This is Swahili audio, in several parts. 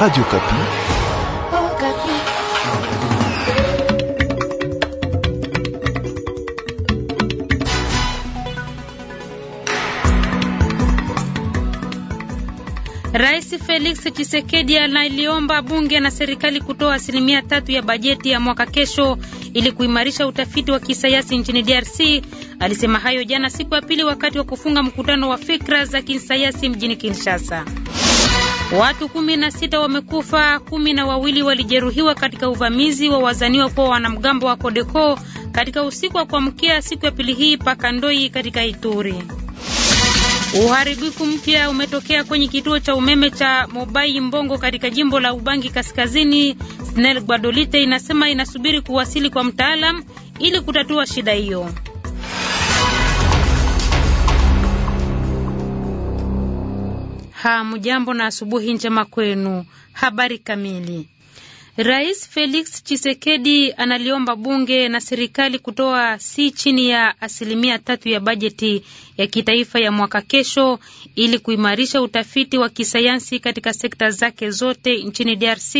Radio Kapi. Oh, Kapi. Rais Felix Tshisekedi analiomba bunge na serikali kutoa asilimia tatu ya bajeti ya mwaka kesho ili kuimarisha utafiti wa kisayansi nchini DRC. Alisema hayo jana siku ya pili wakati wa kufunga mkutano wa fikra za kisayansi mjini Kinshasa. Watu kumi na sita wamekufa, kumi na wawili walijeruhiwa katika uvamizi wa wazaniwa kwa wanamgambo wa Kodeko katika usiku wa kuamkia siku ya pili hii Pakandoi katika Ituri. Uharibifu mpya umetokea kwenye kituo cha umeme cha Mobai Mbongo katika jimbo la Ubangi Kaskazini. SNEL Gbadolite inasema inasubiri kuwasili kwa mtaalam ili kutatua shida hiyo. Hamjambo na asubuhi njema kwenu. Habari kamili. Rais Felix Tshisekedi analiomba bunge na serikali kutoa si chini ya asilimia tatu ya bajeti ya kitaifa ya mwaka kesho ili kuimarisha utafiti wa kisayansi katika sekta zake zote nchini DRC.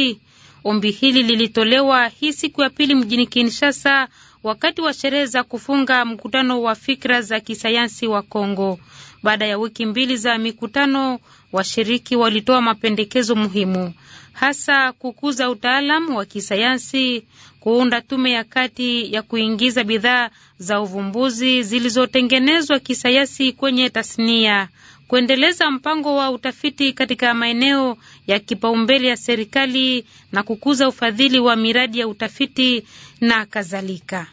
Ombi hili lilitolewa hii siku ya pili mjini Kinshasa wakati wa sherehe za kufunga mkutano wa fikra za kisayansi wa Kongo. Baada ya wiki mbili za mikutano, washiriki walitoa mapendekezo muhimu, hasa kukuza utaalam wa kisayansi, kuunda tume ya kati ya kuingiza bidhaa za uvumbuzi zilizotengenezwa kisayansi kwenye tasnia, kuendeleza mpango wa utafiti katika maeneo ya kipaumbele ya serikali na kukuza ufadhili wa miradi ya utafiti na kadhalika.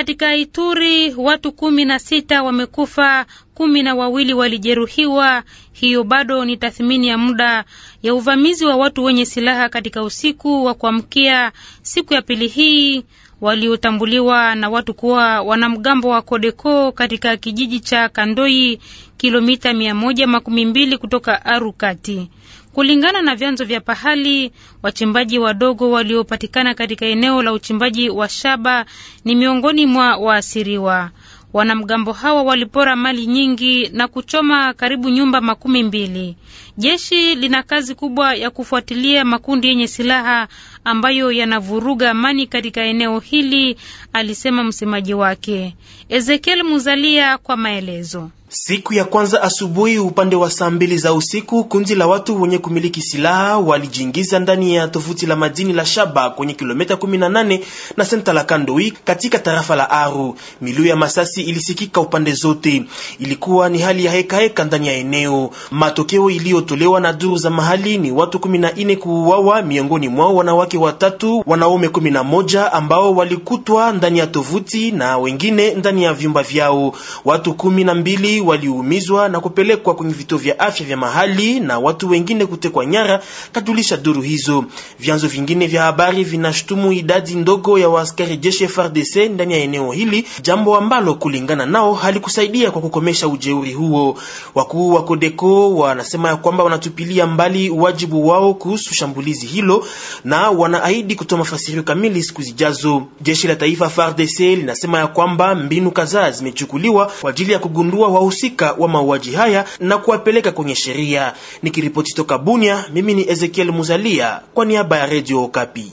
katika Ituri watu kumi na sita wamekufa, kumi na wawili walijeruhiwa. Hiyo bado ni tathmini ya muda ya uvamizi wa watu wenye silaha katika usiku wa kuamkia siku ya pili hii waliotambuliwa na watu kuwa wanamgambo wa Kodeko katika kijiji cha Kandoi, kilomita mia moja makumi mbili kutoka Arukati. Kulingana na vyanzo vya pahali, wachimbaji wadogo waliopatikana katika eneo la uchimbaji wa shaba ni miongoni mwa waasiriwa. Wanamgambo hawa walipora mali nyingi na kuchoma karibu nyumba makumi mbili. Jeshi lina kazi kubwa ya kufuatilia makundi yenye silaha ambayo yanavuruga amani katika eneo hili, alisema msemaji wake Ezekiel Muzalia kwa maelezo. Siku ya kwanza asubuhi, upande wa saa mbili za usiku, kundi la watu wenye kumiliki silaha walijiingiza ndani ya tovuti la madini la shaba kwenye kilomita 18 na senta la Kandoi katika tarafa la Aru. Milio ya masasi ilisikika upande zote, ilikuwa ni hali ya heka heka ndani ya eneo. Matokeo iliyotolewa na duru za mahali ni watu 14 kuuawa, miongoni mwao wanawake wanawake watatu, wanaume kumi na moja ambao walikutwa ndani ya tovuti na wengine ndani ya vyumba vyao. Watu kumi na mbili waliumizwa na kupelekwa kwenye vituo vya afya vya mahali na watu wengine kutekwa nyara, kajulisha duru hizo. Vyanzo vingine vya habari vinashutumu idadi ndogo ya waaskari jeshi FRDC ndani ya eneo hili, jambo ambalo kulingana nao halikusaidia kwa kukomesha ujeuri huo. Wakuu wa Kodeko wanasema ya kwamba wanatupilia mbali wajibu wao kuhusu shambulizi hilo na wanaahidi kutoa mafasirio kamili siku zijazo. Jeshi la taifa FARDC linasema ya kwamba mbinu kadhaa zimechukuliwa kwa ajili ya kugundua wahusika wa mauaji haya na kuwapeleka kwenye sheria. Nikiripoti toka Bunia, mimi ni Ezekiel Muzalia kwa niaba ya Radio Okapi.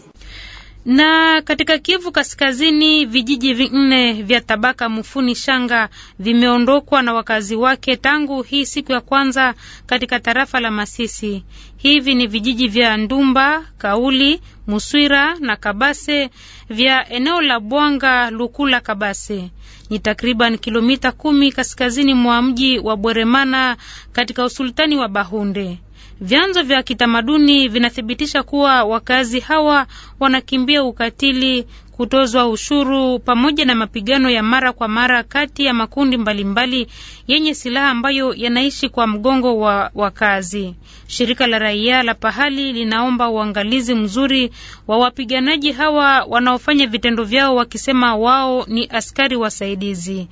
Na katika Kivu Kaskazini, vijiji vinne vya tabaka Mufuni Shanga vimeondokwa na wakazi wake tangu hii siku ya kwanza katika tarafa la Masisi. Hivi ni vijiji vya Ndumba, Kauli, Muswira na Kabase vya eneo la Bwanga Lukula Kabase. Ni takriban kilomita kumi kaskazini mwa mji wa Bweremana katika usultani wa Bahunde. Vyanzo vya kitamaduni vinathibitisha kuwa wakazi hawa wanakimbia ukatili, kutozwa ushuru pamoja na mapigano ya mara kwa mara kati ya makundi mbalimbali mbali yenye silaha ambayo yanaishi kwa mgongo wa wakazi. Shirika la raia la pahali linaomba uangalizi mzuri wa wapiganaji hawa wanaofanya vitendo vyao wakisema wao ni askari wasaidizi.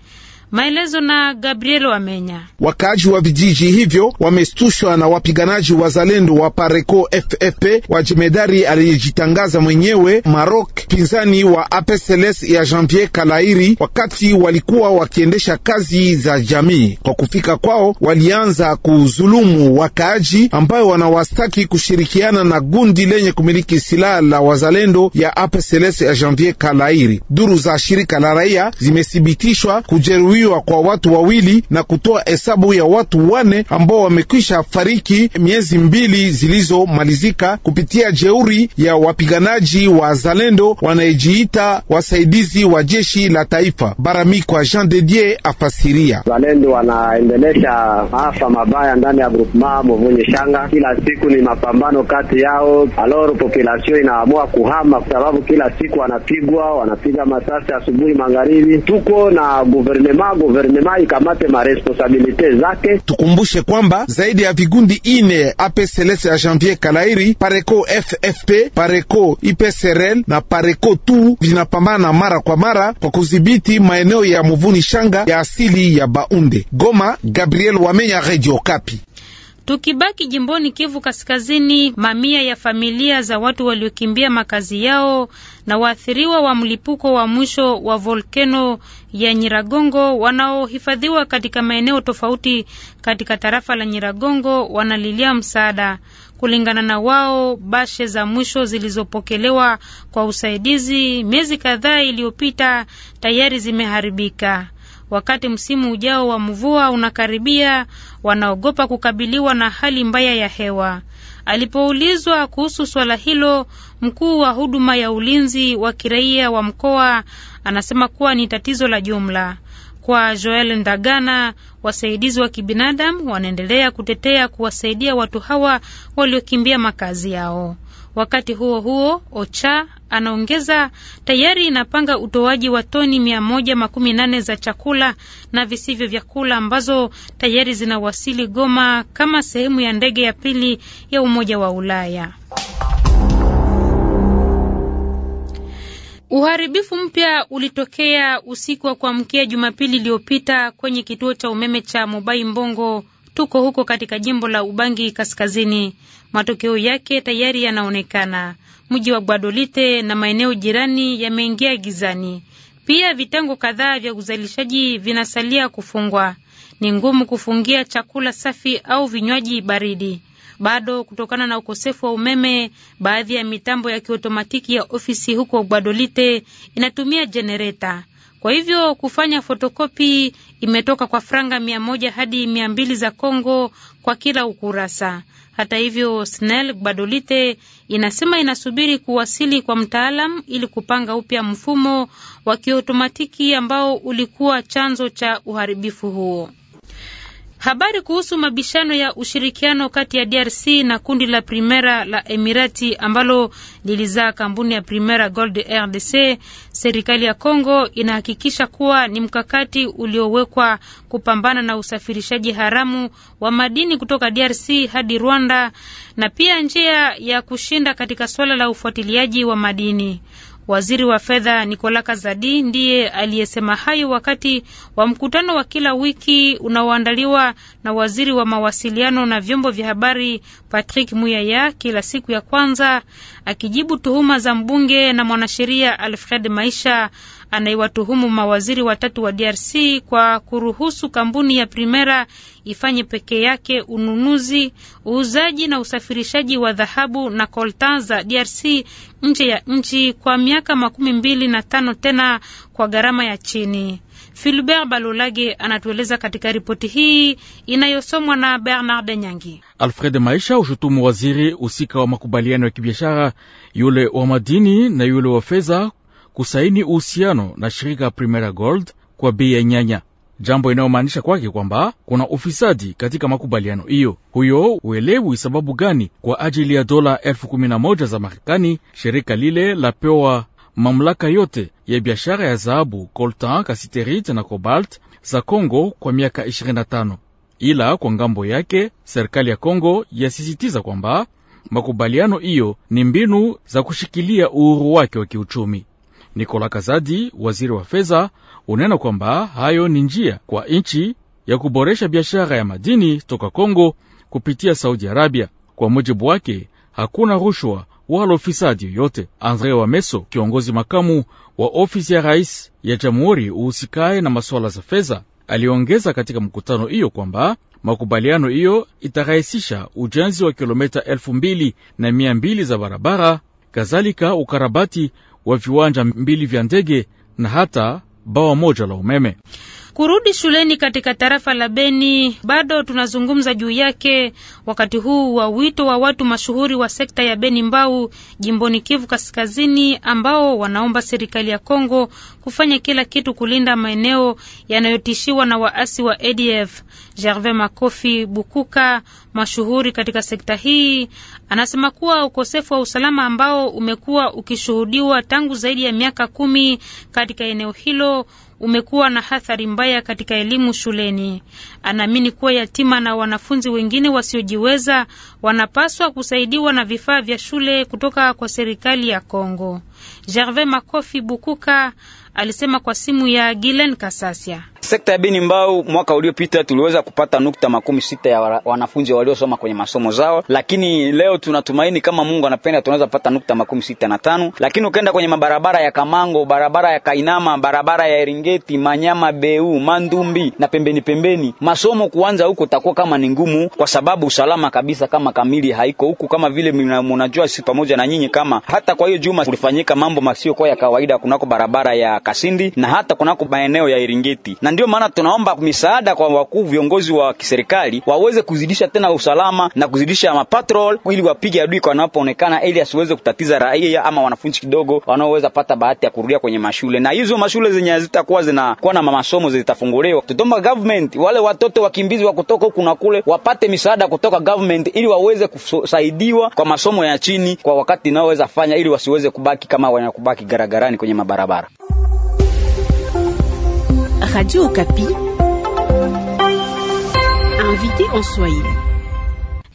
Maelezo na Gabriel Wamenya. Wakaaji wa vijiji hivyo wamestushwa na wapiganaji wazalendo wa Pareco FFP wa jemedari aliyejitangaza mwenyewe Marok, pinzani wa APCLS ya Janvier Kalairi, wakati walikuwa wakiendesha kazi za jamii. Kwa kufika kwao, walianza kuzulumu wakaaji ambayo wanawastaki kushirikiana na gundi lenye kumiliki silaha la wazalendo ya APCLS ya Janvier Kalairi. Duru za shirika la raia zimethibitishwa kujeruhi kujeruhiwa kwa watu wawili na kutoa hesabu ya watu wane ambao wamekwisha fariki miezi mbili zilizomalizika kupitia jeuri ya wapiganaji wa zalendo wanayejiita wasaidizi wa jeshi la taifa. Baramikwa Jean de Dieu afasiria zalendo wanaendelesha maafa mabaya ndani ya groupema Muvunyi Shanga. Kila siku ni mapambano kati yao, alor population inaamua kuhama kwa sababu kila siku wanapigwa, wanapiga masasi asubuhi, magharibi. Tuko na guvernema kama guvernema ikamate maresponsabilite zake. Tukumbushe kwamba zaidi ya vigundi ine APCLS ya Janvier Kalairi, Pareco FFP, Pareco IPSRL na Pareco tu vinapambana mara kwa mara kwa kudhibiti maeneo ya muvuni shanga ya asili ya Baunde. Goma, Gabriel Wamenya, Radio Kapi. Tukibaki jimboni Kivu Kaskazini, mamia ya familia za watu waliokimbia makazi yao na waathiriwa wa mlipuko wa mwisho wa volkeno ya Nyiragongo wanaohifadhiwa katika maeneo tofauti katika tarafa la Nyiragongo wanalilia msaada. Kulingana na wao, bashe za mwisho zilizopokelewa kwa usaidizi miezi kadhaa iliyopita tayari zimeharibika. Wakati msimu ujao wa mvua unakaribia, wanaogopa kukabiliwa na hali mbaya ya hewa. Alipoulizwa kuhusu swala hilo, mkuu wa huduma ya ulinzi wa kiraia wa mkoa anasema kuwa ni tatizo la jumla. Kwa Joel Ndagana, wasaidizi wa kibinadamu wanaendelea kutetea kuwasaidia watu hawa waliokimbia makazi yao. Wakati huo huo, OCHA anaongeza tayari inapanga utoaji wa toni mia moja makumi nane za chakula na visivyo vyakula ambazo tayari zinawasili Goma kama sehemu ya ndege ya pili ya Umoja wa Ulaya. Uharibifu mpya ulitokea usiku wa kuamkia Jumapili iliyopita kwenye kituo cha umeme cha Mobai Mbongo Tuko huko katika jimbo la Ubangi Kaskazini. Matokeo yake tayari yanaonekana. Mji wa Gwadolite na maeneo jirani yameingia gizani. Pia vitengo kadhaa vya uzalishaji vinasalia kufungwa. Ni ngumu kufungia chakula safi au vinywaji baridi bado kutokana na ukosefu wa umeme. Baadhi ya mitambo ya kiotomatiki ya ofisi huko Gwadolite inatumia jenereta. Kwa hivyo kufanya fotokopi imetoka kwa franga mia moja hadi mia mbili za Congo kwa kila ukurasa. Hata hivyo, SNEL Badolite inasema inasubiri kuwasili kwa mtaalam ili kupanga upya mfumo wa kiotomatiki ambao ulikuwa chanzo cha uharibifu huo. Habari kuhusu mabishano ya ushirikiano kati ya DRC na kundi la Primera la Emirati ambalo lilizaa kampuni ya Primera Gold RDC, serikali ya Kongo inahakikisha kuwa ni mkakati uliowekwa kupambana na usafirishaji haramu wa madini kutoka DRC hadi Rwanda na pia njia ya kushinda katika suala la ufuatiliaji wa madini. Waziri wa fedha nikola Kazadi ndiye aliyesema hayo wakati wa mkutano wa kila wiki unaoandaliwa na waziri wa mawasiliano na vyombo vya habari Patrick Muyaya kila siku ya kwanza, akijibu tuhuma za mbunge na mwanasheria Alfred Maisha anaiwatuhumu mawaziri watatu wa DRC kwa kuruhusu kampuni ya Primera ifanye peke yake ununuzi, uuzaji na usafirishaji wa dhahabu na coltan za DRC nje ya nchi kwa miaka makumi mbili na tano tena kwa gharama ya chini. Filbert Balolage anatueleza katika ripoti hii inayosomwa na Bernard Nyangi. Alfred Maisha ushutumu waziri husika wa makubaliano ya kibiashara, yule wa madini na yule wa fedha kusaini uhusiano na shirika Primera Gold kwa bei ya nyanya, jambo inayomaanisha kwake kwamba kuna ufisadi katika makubaliano hiyo. Huyo uelewi sababu gani kwa ajili ya dola elfu kumi na moja za Marekani shirika lile lapewa mamlaka yote ya biashara ya zahabu coltan, kasiterite na cobalt za Kongo kwa miaka 25. Ila kwa ngambo yake serikali ya Kongo yasisitiza kwamba makubaliano hiyo ni mbinu za kushikilia uhuru wake wa kiuchumi. Nikola Kazadi, waziri wa fedha, unena kwamba hayo ni njia kwa nchi ya kuboresha biashara ya madini toka Kongo kupitia Saudi Arabia. Kwa mujibu wake, hakuna rushwa wala ufisadi yoyote. Andre Wameso, kiongozi makamu wa ofisi ya rais ya jamhuri uhusikaye na masuala za fedha, aliongeza katika mkutano hiyo kwamba makubaliano hiyo itarahisisha ujenzi wa kilometa elfu mbili na mia mbili za barabara, kadhalika ukarabati wa viwanja mbili vya ndege na hata bawa moja la umeme. Kurudi shuleni katika tarafa la Beni bado tunazungumza juu yake, wakati huu wa wito wa watu mashuhuri wa sekta ya Beni Mbau jimboni Kivu Kaskazini, ambao wanaomba serikali ya Kongo kufanya kila kitu kulinda maeneo yanayotishiwa na waasi wa ADF. Gervais Makofi Bukuka, mashuhuri katika sekta hii, anasema kuwa ukosefu wa usalama ambao umekuwa ukishuhudiwa tangu zaidi ya miaka kumi katika eneo hilo umekuwa na athari mbaya katika elimu shuleni. Anaamini kuwa yatima na wanafunzi wengine wasiojiweza wanapaswa kusaidiwa na vifaa vya shule kutoka kwa serikali ya Kongo. Gervais Makofi Bukuka alisema kwa simu ya Gilen Kasasia. Sekta ya Beni Mbau mwaka uliopita tuliweza kupata nukta makumi sita ya wanafunzi waliosoma kwenye masomo zao, lakini leo tunatumaini kama Mungu anapenda tunaweza pata nukta makumi sita na tano. Lakini ukenda kwenye mabarabara ya Kamango, barabara ya Kainama, barabara ya Eringeti, Manyama, Beu, Mandumbi na pembeni pembeni, masomo kuanza huko takuwa kama ni ngumu, kwa sababu usalama kabisa kama kamili haiko huku, kama vile mnajua sisi pamoja na nyinyi, kama hata kwa hiyo juma kulifanyika katika mambo masiokuwa ya kawaida kunako barabara ya Kasindi na hata kunako maeneo ya Iringeti, na ndio maana tunaomba misaada kwa wakuu viongozi wa kiserikali waweze kuzidisha tena usalama na kuzidisha mapatrol ili wapige adui kwa ili asiweze kutatiza raia ama wanafunzi kidogo wanaoweza pata bahati ya kurudia kwenye mashule, na hizo mashule zenye hazitakuwa zinakuwa na masomo zitafunguliwa. Tutomba government wale watoto wakimbizi wa kutoka huku na kule wapate misaada kutoka government ili waweze kusaidiwa kwa masomo ya chini kwa wakati inaoweza fanya ili wasiweze kubaki kama ama wanakubaki garagarani kwenye mabarabara. Radio Swahili.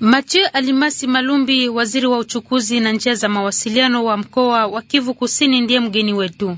Mathieu Alimasi Malumbi, waziri wa uchukuzi na njia za mawasiliano wa mkoa wa Kivu Kusini, ndiye mgeni wetu.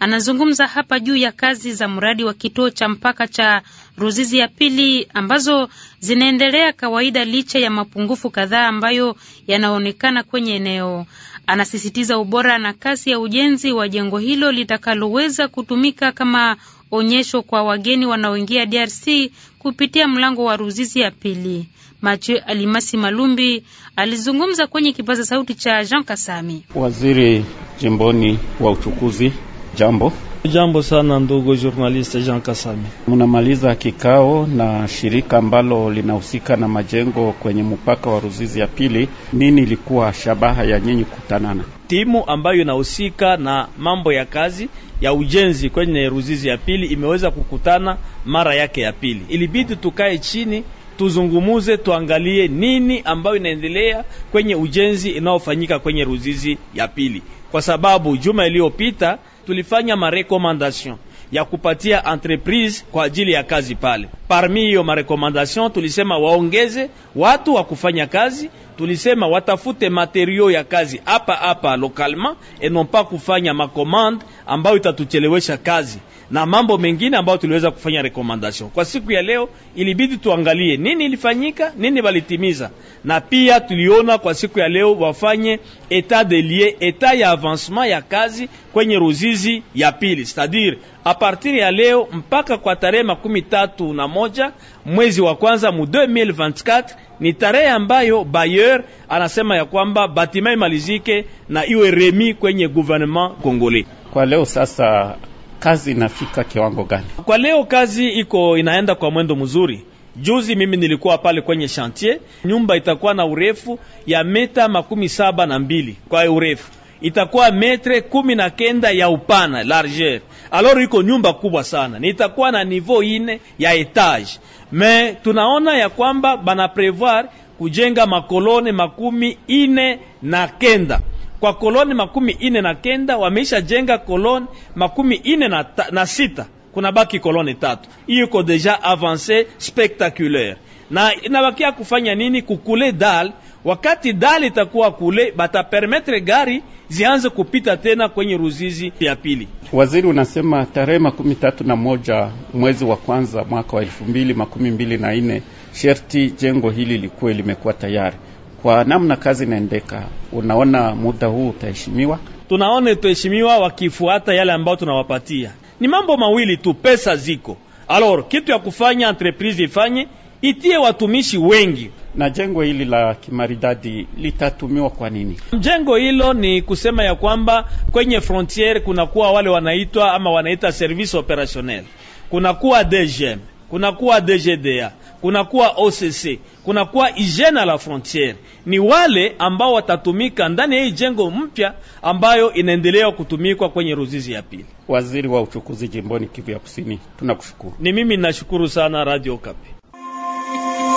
Anazungumza hapa juu ya kazi za mradi wa kituo cha mpaka cha Ruzizi ya pili ambazo zinaendelea kawaida licha ya mapungufu kadhaa ambayo yanaonekana kwenye eneo. Anasisitiza ubora na kasi ya ujenzi wa jengo hilo litakaloweza kutumika kama onyesho kwa wageni wanaoingia DRC kupitia mlango wa Ruzizi ya pili. Mathieu Alimasi Malumbi alizungumza kwenye kipaza sauti cha Jean Kasami, waziri jimboni wa uchukuzi. Jambo, Jambo sana ndugu journaliste Jean Kasami. Munamaliza kikao na shirika ambalo linahusika na majengo kwenye mpaka wa Ruzizi ya pili. Nini ilikuwa shabaha ya nyinyi kukutanana? Timu ambayo inahusika na mambo ya kazi ya ujenzi kwenye Ruzizi ya pili imeweza kukutana mara yake ya pili. Ilibidi tukae chini tuzungumuze tuangalie nini ambayo inaendelea kwenye ujenzi inaofanyika kwenye Ruzizi ya pili, kwa sababu juma iliyopita tulifanya marekomandasyon ya kupatia entreprise kwa ajili ya kazi pale. Parmi hiyo marekomandasyon, tulisema waongeze watu wa kufanya kazi tulisema watafute materio ya kazi hapa hapa lokalma, enompa kufanya makomande ambayo itatuchelewesha kazi na mambo mengine ambayo tuliweza kufanya recommendation. Kwa siku ya leo ilibidi tuangalie nini ilifanyika, nini walitimiza, na pia tuliona kwa siku ya leo wafanye etat de eta etat ya avancement ya kazi kwenye Ruzizi ya pili, c'est-à-dire a partir ya leo mpaka kwa tarehe makumi tatu na moja mwezi wa kwanza mu 2024 ni tarehe ambayo bayer anasema ya kwamba batima imalizike na iwe remi kwenye gouvernement kongole. Kwa leo sasa kazi inafika kiwango gani? Kwa leo kazi iko inaenda kwa mwendo mzuri. Juzi mimi nilikuwa pale kwenye chantier, nyumba itakuwa na urefu ya meta makumi saba na mbili kwa urefu itakuwa metre kumi na kenda ya upana largeur, alors iko nyumba kubwa sana, nitakuwa na niveau ine ya etage. Me tunaona ya kwamba bana prevoir kujenga makolone makumi ine na kenda kwa koloni makumi ine na kenda wameisha jenga koloni makumi ine na, ta, na sita kuna baki koloni tatu. Hiyo iko deja avance spectaculaire, na inabakia kufanya nini? Kukule dal Wakati dali itakuwa kule, batapermetre gari zianze kupita tena kwenye Ruzizi ya pili. Waziri unasema tarehe makumi tatu na moja mwezi wa kwanza mwaka wa elfu mbili makumi mbili na nne sherti jengo hili likuwe limekuwa tayari. Kwa namna kazi inaendeka, unaona muda huu utaheshimiwa? Tunaona itaheshimiwa wakifuata yale ambayo tunawapatia. Ni mambo mawili tu, pesa ziko. alor kitu ya kufanya entreprise ifanye itie watumishi wengi na jengo hili la kimaridadi litatumiwa kwa nini? Jengo hilo ni kusema ya kwamba kwenye frontiere kunakuwa wale wanaitwa ama wanaita service operationnel, kunakuwa DGM, kunakuwa DGDA, kunakuwa OCC, kunakuwa hygiene la frontiere. Ni wale ambao watatumika ndani ya hii jengo mpya ambayo inaendelea kutumikwa kwenye Ruzizi ya pili. Waziri wa uchukuzi jimboni Kivu ya Kusini, tunakushukuru. Ni mimi nashukuru sana Radio Kapi.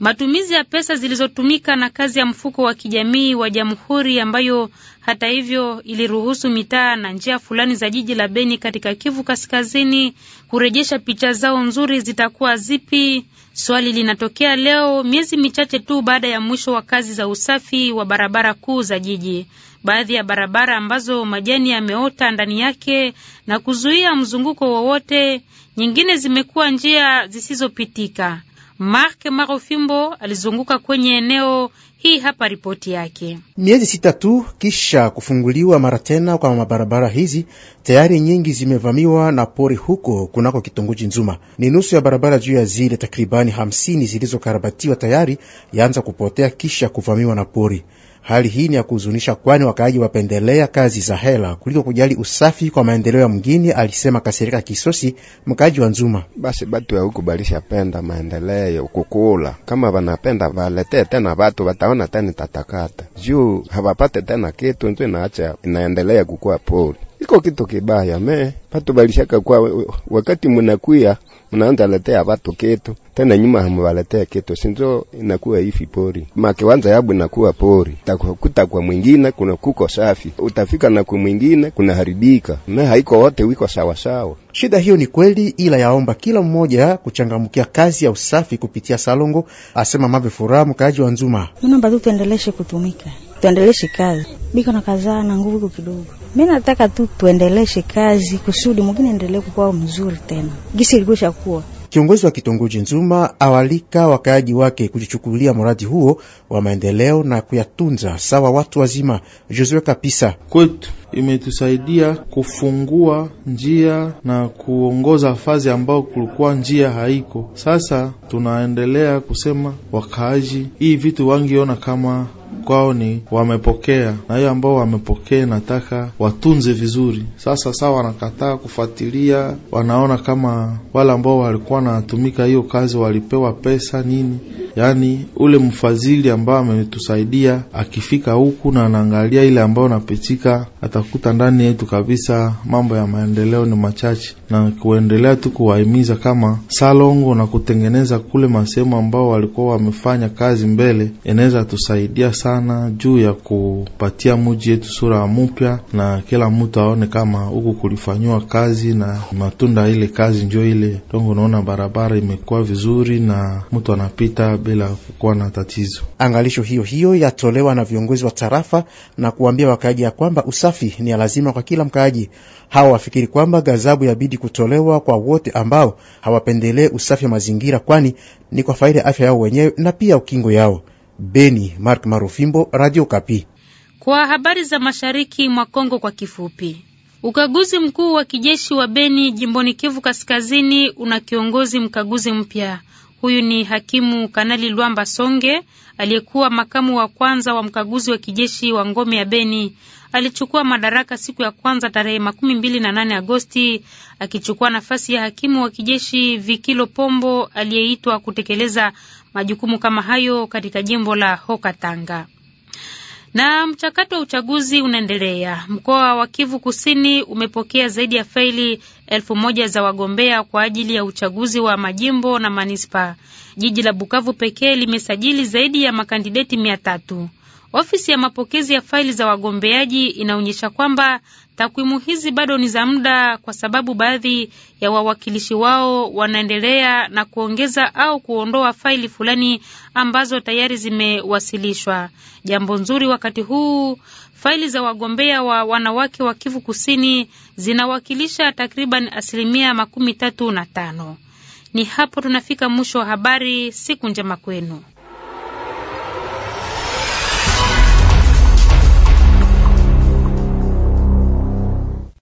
Matumizi ya pesa zilizotumika na kazi ya mfuko wa kijamii wa Jamhuri ambayo hata hivyo iliruhusu mitaa na njia fulani za jiji la Beni katika Kivu Kaskazini kurejesha picha zao nzuri zitakuwa zipi? Swali linatokea leo miezi michache tu baada ya mwisho wa kazi za usafi wa barabara kuu za jiji. Baadhi ya barabara ambazo majani yameota ndani yake na kuzuia mzunguko wowote, nyingine zimekuwa njia zisizopitika. Mark Marofimbo alizunguka kwenye eneo. Hii hapa ripoti yake. Miezi sita tu kisha kufunguliwa mara tena kwa mabarabara hizi, tayari nyingi zimevamiwa na pori huko kunako kitongoji Nzuma. Ni nusu ya barabara juu ya zile takribani hamsini zilizokarabatiwa tayari yaanza kupotea kisha kuvamiwa na pori. Hali hii ni ya kuhuzunisha, kwani wakaaji wapendelea kazi za hela kuliko kujali usafi kwa maendeleo ya mgini, alisema kasirika Kisosi, mkaaji wa Nzuma. Basi batu ya huku balishapenda maendeleo kukula, kama vanapenda valetee tena vatu, wataona tena tatakata juu havapate tena kitu, njo inaacha inaendelea kukua poli iko kitu kibaya me balishaka kwa wakati munakuya munaanza letea watu ketu tena nyuma hamwaletea ketu, sinzo inakuwa hivi pori makiwanza yabu inakuwa pori takuta kwa mwingine kuna kuko safi, utafika na kwa mwingine kuna haribika, me haiko wote wiko sawa sawa. Shida hiyo ni kweli, ila yaomba kila mmoja kuchangamkia kazi ya usafi kupitia salongo, asema Mave Furaha, mkaaji wa Nzuma. Tuendeleshe kutumika, tuendeleshe kazi biko na kazaa na nguvu kidogo mimi nataka tu tuendeleshe kazi kusudi mwingine endelee kuwa mzuri tena gisi ilikusha kuwa. Kiongozi wa kitongoji Nzuma awalika wakaaji wake kujichukulia mradi huo wa maendeleo na kuyatunza sawa watu wazima. Josue Kapisa kwetu imetusaidia kufungua njia na kuongoza fazi ambao kulikuwa njia haiko. Sasa tunaendelea kusema wakaaji, hii vitu wangiona kama kwao ni wamepokea, na hiyo ambao wamepokea nataka watunze vizuri. Sasa saa wanakataa kufuatilia, wanaona kama wale ambao walikuwa wanatumika hiyo kazi walipewa pesa nini. Yaani ule mfadhili ambao ametusaidia akifika huku na anaangalia ile ambayo napitika, atakuta ndani yetu kabisa mambo ya maendeleo ni machache, na kuendelea tu kuwahimiza kama salongo na kutengeneza kule masehemu ambao walikuwa wamefanya kazi mbele, inaweza tusaidia sana sana juu ya kupatia muji yetu sura mupya, na kila mtu aone kama huku kulifanyua kazi na matunda ile kazi njo ile tongo. Unaona barabara imekuwa vizuri na mtu anapita bila kukuwa na tatizo. Angalisho hiyo hiyo yatolewa na viongozi wa tarafa na kuambia wakaaji ya kwamba usafi ni ya lazima kwa kila mkaaji. Hawa wafikiri kwamba gazabu yabidi kutolewa kwa wote ambao hawapendelee usafi wa mazingira, kwani ni kwa faida afya yao wenyewe na pia ukingo yao. Beni, Mark Marufimbo, Radio Kapi. Kwa habari za mashariki mwa Kongo kwa kifupi. Ukaguzi mkuu wa kijeshi wa Beni jimboni Kivu Kaskazini una kiongozi mkaguzi mpya. Huyu ni hakimu Kanali Lwamba Songe aliyekuwa makamu wa kwanza wa mkaguzi wa kijeshi wa ngome ya Beni. Alichukua madaraka siku ya kwanza tarehe makumi mbili na nane Agosti, akichukua nafasi ya hakimu wa kijeshi Vikilo Pombo aliyeitwa kutekeleza majukumu kama hayo katika jimbo la Hokatanga. Na mchakato wa uchaguzi unaendelea. Mkoa wa Kivu Kusini umepokea zaidi ya faili elfu moja za wagombea kwa ajili ya uchaguzi wa majimbo na manispa. Jiji la Bukavu pekee limesajili zaidi ya makandideti mia tatu. Ofisi ya mapokezi ya faili za wagombeaji inaonyesha kwamba Takwimu hizi bado ni za muda kwa sababu baadhi ya wawakilishi wao wanaendelea na kuongeza au kuondoa faili fulani ambazo tayari zimewasilishwa. Jambo nzuri wakati huu, faili za wagombea wa wanawake wa Kivu Kusini zinawakilisha takriban asilimia makumi tatu na tano. Ni hapo tunafika mwisho wa habari. Siku njema kwenu.